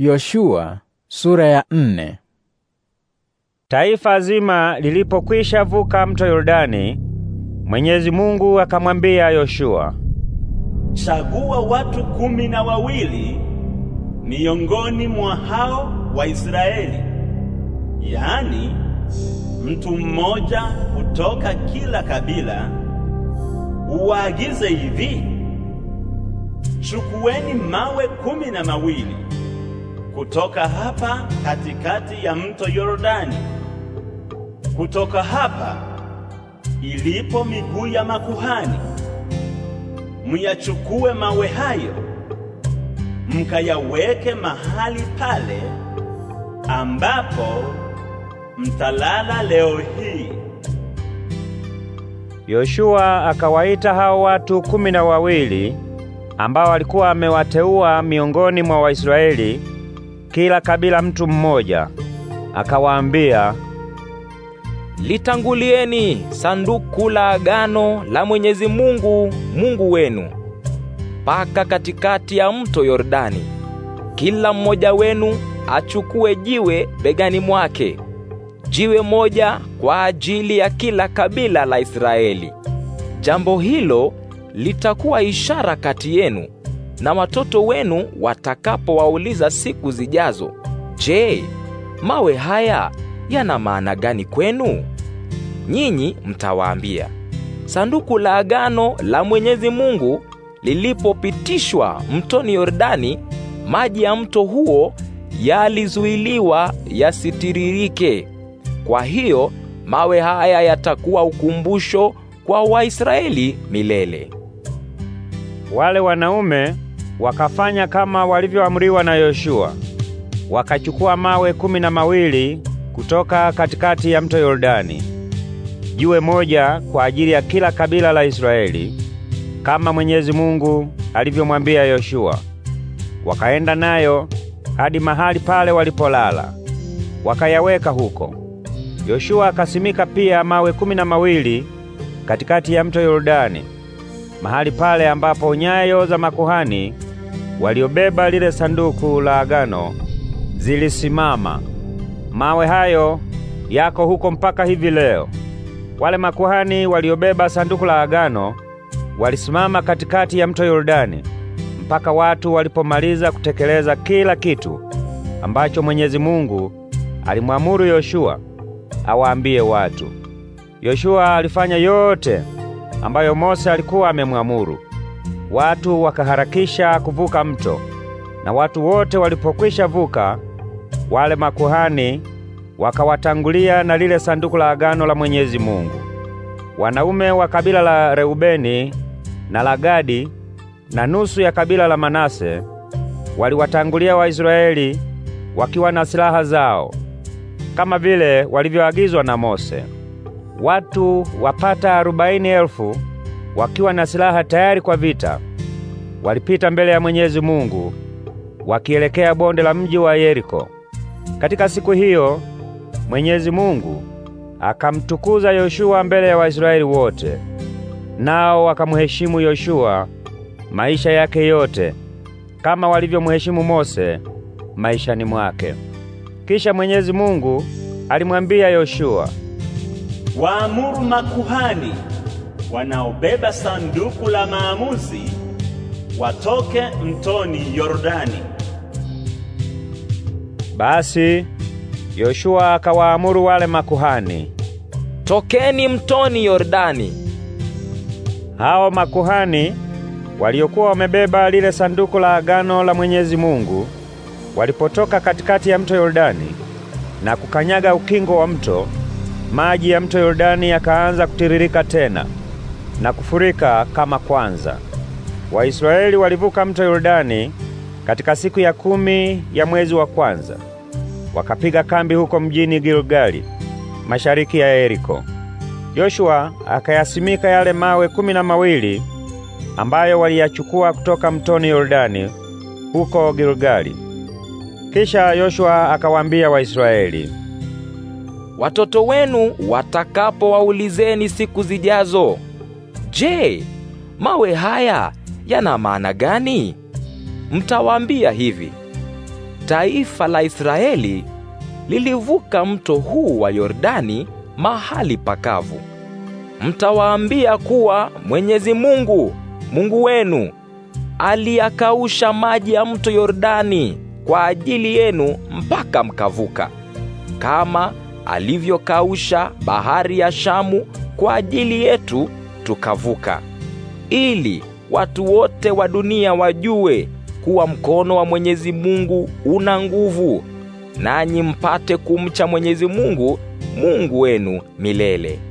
Yoshua sura ya nne. Taifa zima lilipokwisha vuka mto Yordani, Mwenyezi Mungu akamwambia Yoshua, chagua watu kumi na wawili miongoni mwa hao wa Israeli, yaani mtu mmoja kutoka kila kabila, uwaagize hivi: chukueni mawe kumi na mawili kutoka hapa katikati ya mto Yordani, kutoka hapa ilipo miguu ya makuhani, muyachukue mawe hayo mkayaweke mahali pale ambapo mtalala leo hii. Yoshua akawaita hao watu kumi na wawili ambao alikuwa amewateua miongoni mwa Waisraeli kila kabila mtu mmoja. Akawaambia, litangulieni sanduku la agano la Mwenyezi Mungu Mungu wenu mpaka katikati ya mto Yordani, kila mmoja wenu achukue jiwe begani mwake, jiwe moja kwa ajili ya kila kabila la Israeli. Jambo hilo litakuwa ishara kati yenu na watoto wenu watakapowauliza siku zijazo, je, mawe haya yana maana gani kwenu? Nyinyi mtawaambia, sanduku la agano la Mwenyezi Mungu lilipopitishwa mtoni Yordani, maji ya mto huo yalizuiliwa yasitiririke. Kwa hiyo mawe haya yatakuwa ukumbusho kwa Waisraeli milele. Wale wanaume wakafanya kama walivyoamriwa na Yoshua. Wakachukua mawe kumi na mawili kutoka katikati ya mto Yordani, jiwe moja kwa ajili ya kila kabila la Israeli, kama Mwenyezi Mungu alivyomwambia Yoshua. Wakaenda nayo hadi mahali pale walipolala, wakayaweka huko. Yoshua akasimika pia mawe kumi na mawili katikati ya mto Yordani, mahali pale ambapo nyayo za makuhani waliobeba lile sanduku la agano zilisimama. Mawe hayo yako huko mpaka hivi leo. Wale makuhani waliobeba sanduku la agano walisimama katikati ya mto Yordani mpaka watu walipomaliza kutekeleza kila kitu ambacho Mwenyezi Mungu alimwamuru Yoshua awaambie watu. Yoshua alifanya yote ambayo Mose alikuwa amemwamuru. Watu wakaharakisha kuvuka mto, na watu wote walipokwisha vuka, wale makuhani wakawatangulia na lile sanduku la agano la Mwenyezi Mungu. Wanaume wa kabila la Reubeni na la Gadi na nusu ya kabila la Manase waliwatangulia Waisraeli wakiwa na silaha zao kama vile walivyoagizwa na Mose. Watu wapata arobaini elfu wakiwa na silaha tayari kwa vita, walipita mbele ya Mwenyezi Mungu wakielekea bonde la mji wa Yeriko. Katika siku hiyo Mwenyezi Mungu akamtukuza Yoshua mbele ya Waisraeli wote, nao wakamheshimu Yoshua maisha yake yote kama walivyomheshimu Mose maishani mwake. Kisha Mwenyezi Mungu alimwambia Yoshua, waamuru makuhani wanaobeba sanduku la maamuzi watoke mtoni Yordani. Basi Yoshua akawaamuru wale makuhani, tokeni mtoni Yordani. Hao makuhani waliokuwa wamebeba lile sanduku la agano la Mwenyezi Mungu walipotoka katikati ya mto Yordani na kukanyaga ukingo wa mto, maji ya mto Yordani yakaanza kutiririka tena na kufurika kama kwanza. Waisraeli walivuka mto Yordani katika siku ya kumi ya mwezi wa kwanza, wakapiga kambi huko mjini Gilgali mashariki ya Yeriko. Joshua akayasimika yale mawe kumi na mawili ambayo waliyachukua kutoka mtoni Yordani huko Gilgali. Kisha Yoshua akawaambia Waisraeli, watoto wenu watakapowaulizeni siku zijazo Je, mawe haya yana maana gani? Mtawaambia hivi, taifa la Israeli lilivuka mto huu wa Yordani mahali pakavu. Mtawaambia kuwa Mwenyezi Mungu, Mungu wenu, aliyakausha maji ya mto Yordani kwa ajili yenu mpaka mkavuka, kama alivyokausha bahari ya Shamu kwa ajili yetu tukavuka, ili watu wote wa dunia wajue kuwa mkono wa Mwenyezi Mungu una nguvu, nanyi mpate kumcha Mwenyezi Mungu Mungu wenu milele.